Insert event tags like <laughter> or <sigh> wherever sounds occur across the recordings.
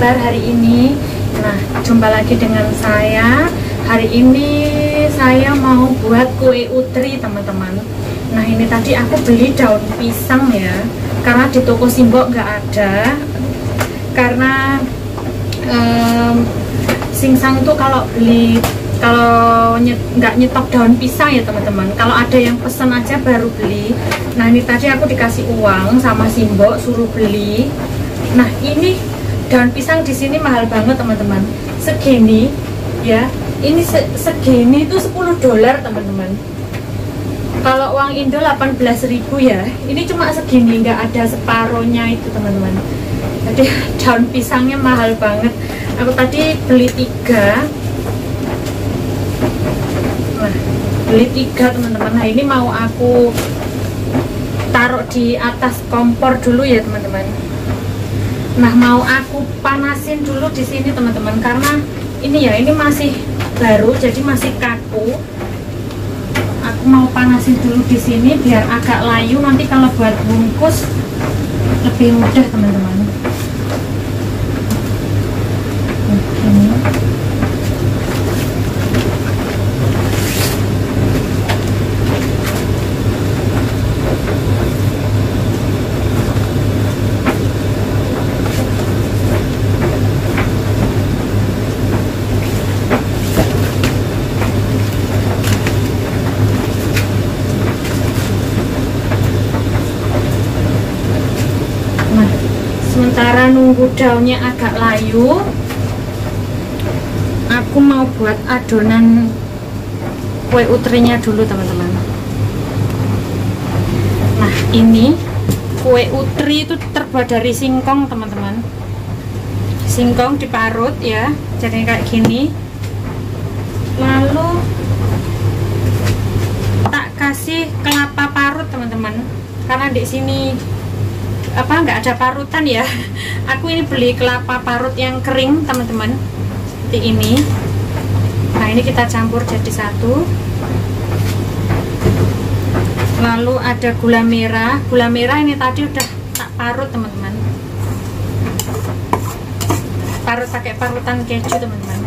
kabar hari ini? Nah, jumpa lagi dengan saya. Hari ini saya mau buat kue utri, teman-teman. Nah, ini tadi aku beli daun pisang ya. Karena di toko Simbok nggak ada. Karena um, singsang tuh kalau beli kalau nggak nyet, nyetok daun pisang ya teman-teman kalau ada yang pesan aja baru beli nah ini tadi aku dikasih uang sama Simbok, suruh beli nah ini daun pisang di sini mahal banget teman-teman segini ya ini se segini itu 10 dolar teman-teman kalau uang Indo 18.000 ya ini cuma segini nggak ada separohnya itu teman-teman jadi <laughs> daun pisangnya mahal banget aku tadi beli tiga nah, beli tiga teman-teman nah ini mau aku taruh di atas kompor dulu ya teman-teman Nah, mau aku panasin dulu di sini teman-teman karena ini ya, ini masih baru jadi masih kaku. Aku mau panasin dulu di sini biar agak layu nanti kalau buat bungkus lebih mudah teman-teman. daunnya agak layu aku mau buat adonan kue utrinya dulu teman-teman nah ini kue utri itu terbuat dari singkong teman-teman singkong diparut ya jadi kayak gini lalu tak kasih kelapa parut teman-teman karena di sini apa nggak ada parutan ya <laughs> aku ini beli kelapa parut yang kering teman-teman seperti ini nah ini kita campur jadi satu lalu ada gula merah gula merah ini tadi udah tak parut teman-teman parut pakai parutan keju teman-teman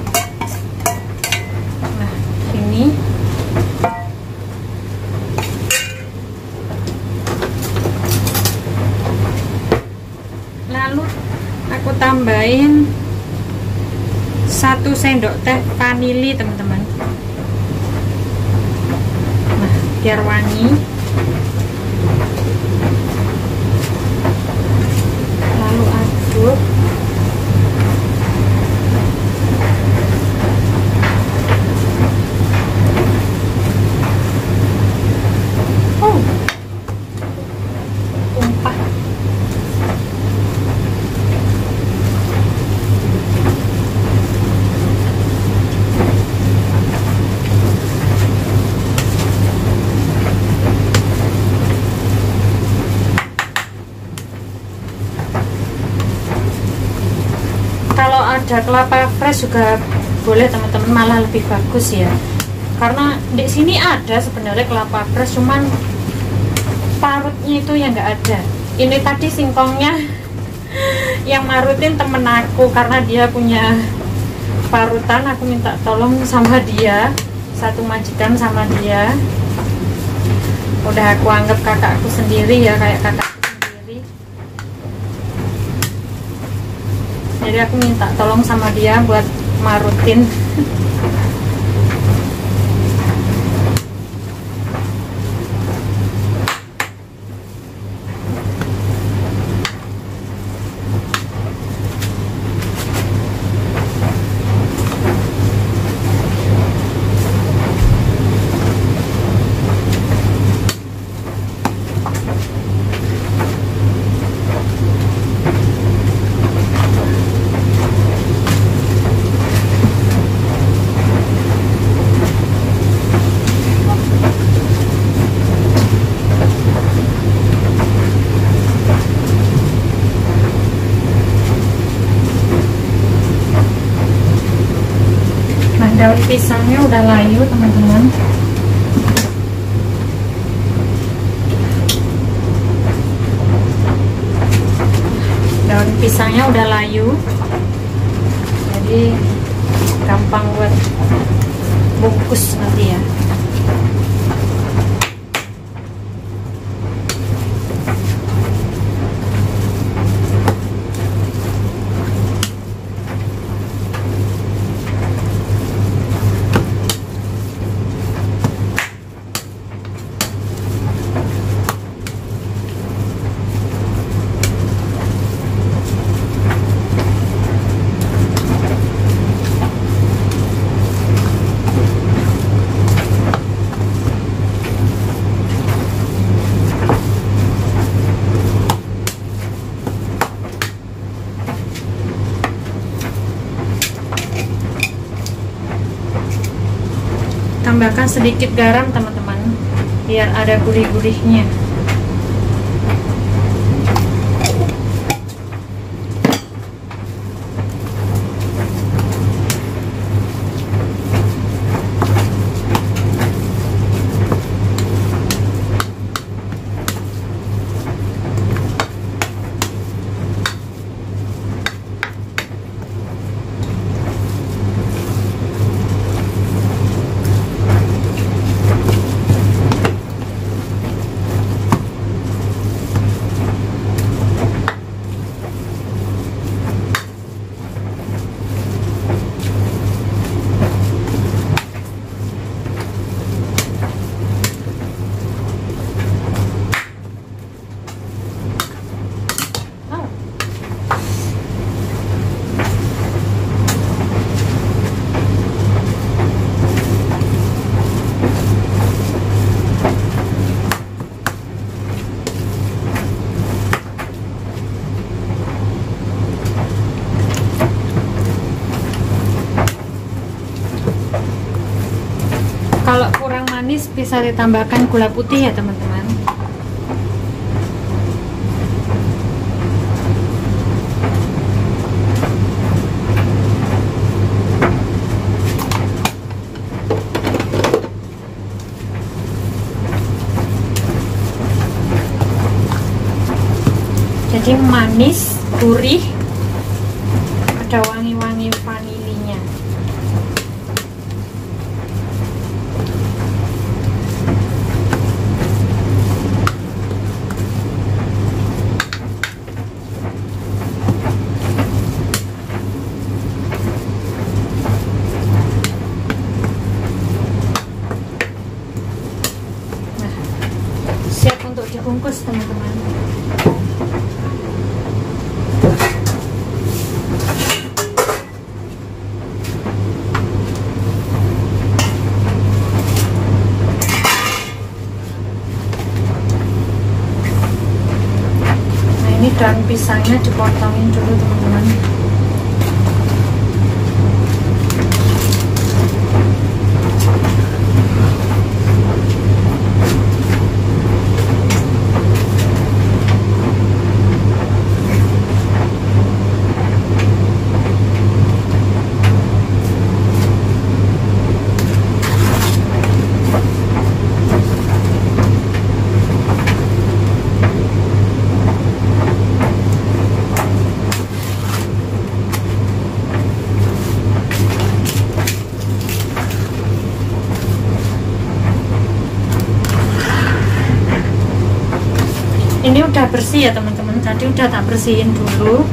sendok teh vanili teman-teman nah, biar wangi ada kelapa fresh juga boleh teman-teman malah lebih bagus ya karena di sini ada sebenarnya kelapa fresh cuman parutnya itu yang enggak ada ini tadi singkongnya <laughs> yang marutin temen aku karena dia punya parutan aku minta tolong sama dia satu majikan sama dia udah aku anggap kakakku sendiri ya kayak kakak jadi aku minta tolong sama dia buat marutin pisangnya udah layu teman-teman daun pisangnya udah layu jadi gampang buat bungkus nanti ya tambahkan sedikit garam teman-teman biar ada gurih-gurihnya nanti saya tambahkan gula putih ya teman-teman jadi manis, gurih pisangnya dipotongin dulu teman-teman bersih ya teman-teman tadi udah tak bersihin dulu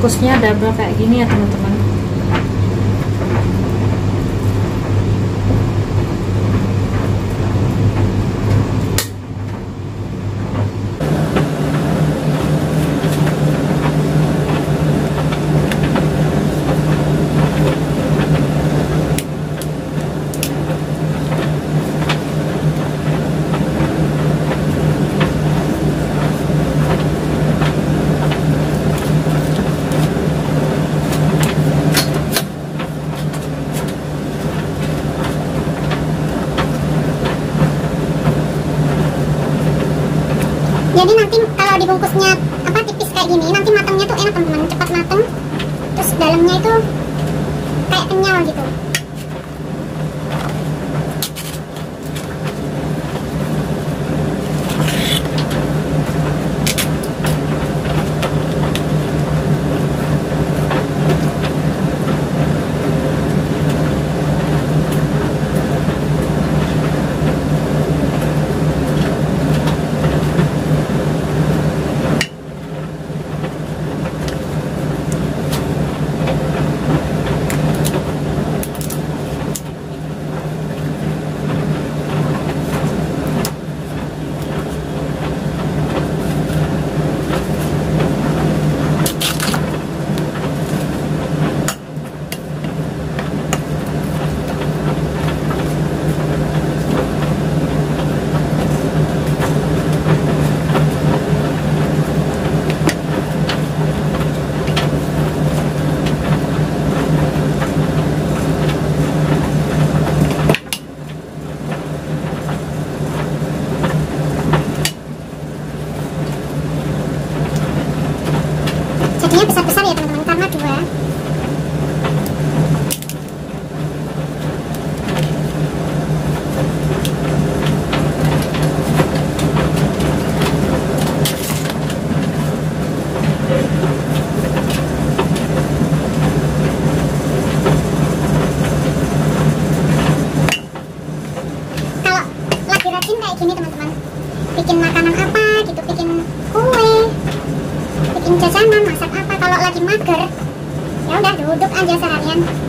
bungkusnya double kayak gini ya teman-teman jadi nanti kalau dibungkusnya apa tipis kayak gini nanti matangnya tuh enak teman-teman cepat matang terus dalamnya itu kayak kenyal gitu aja sarannya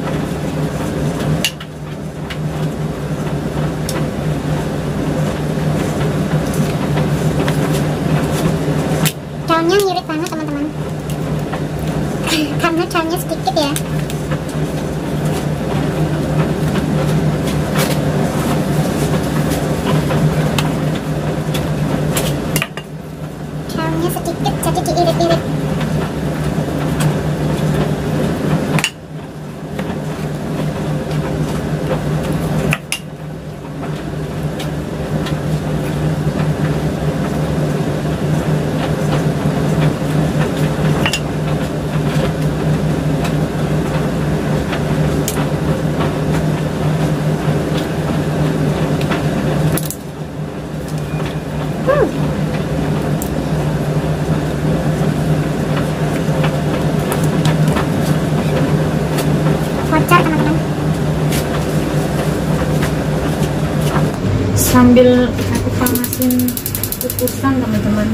sambil aku panasin kukusan teman-teman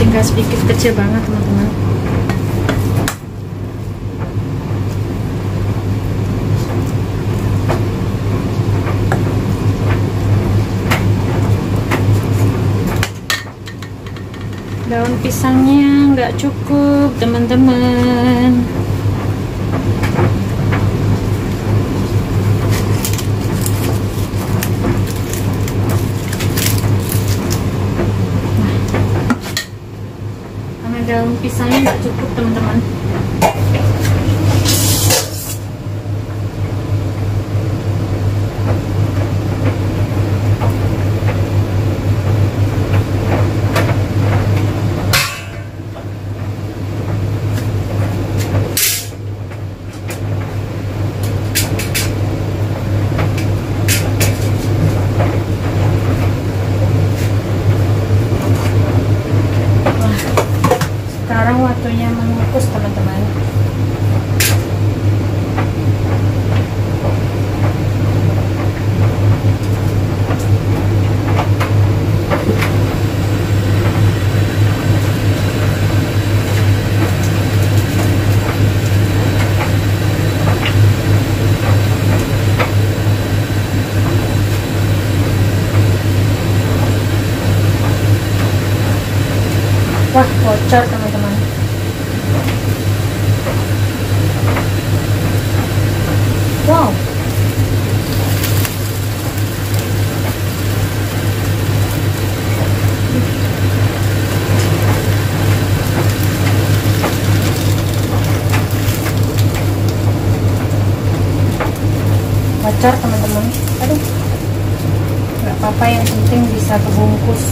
tinggal sedikit kecil banget teman-teman daun pisangnya nggak cukup teman-teman karena daun pisangnya nggak cukup teman-teman apa yang penting bisa kebungkus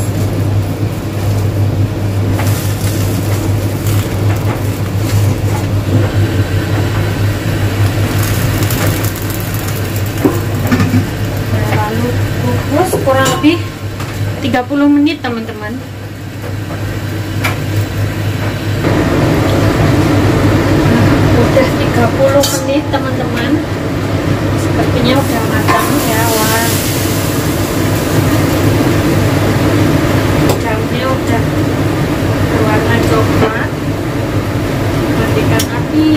lalu kukus kurang lebih 30 menit teman-teman nah, udah 30 menit teman-teman sepertinya udah matang ya wah warna coklat matikan api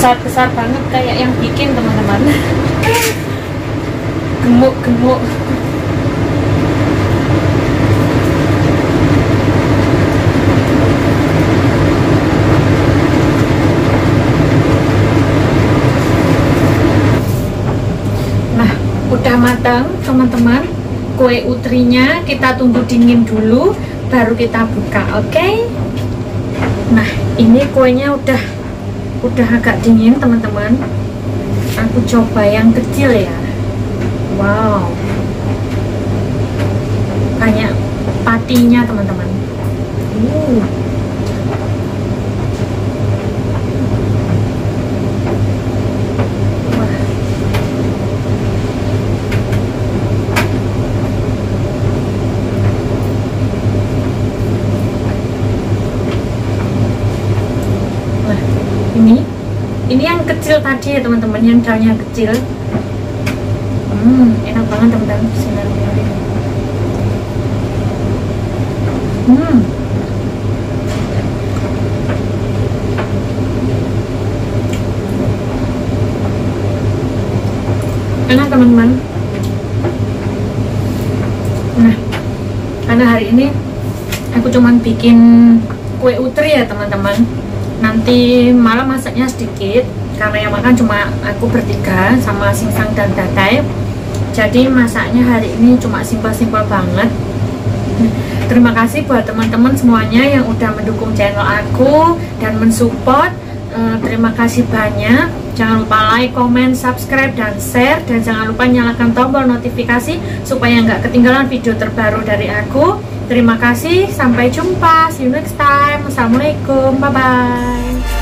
besar-besar banget kayak yang bikin teman-teman gemuk-gemuk nah udah matang teman-teman kue utrinya kita tunggu dingin dulu baru kita buka oke okay? nah ini kuenya udah udah agak dingin teman-teman aku coba yang kecil ya wow banyak patinya teman-teman uh. ini yang kecil tadi ya teman-teman yang daunnya kecil hmm enak banget teman-teman hmm enak teman-teman nah karena hari ini aku cuman bikin kue utri ya teman-teman nanti malam masaknya sedikit karena yang makan cuma aku bertiga sama singsang dan datai jadi masaknya hari ini cuma simpel-simpel banget terima kasih buat teman-teman semuanya yang udah mendukung channel aku dan mensupport eh, terima kasih banyak jangan lupa like, comment, subscribe, dan share dan jangan lupa nyalakan tombol notifikasi supaya nggak ketinggalan video terbaru dari aku Terima kasih, sampai jumpa. See you next time. Assalamualaikum, bye-bye.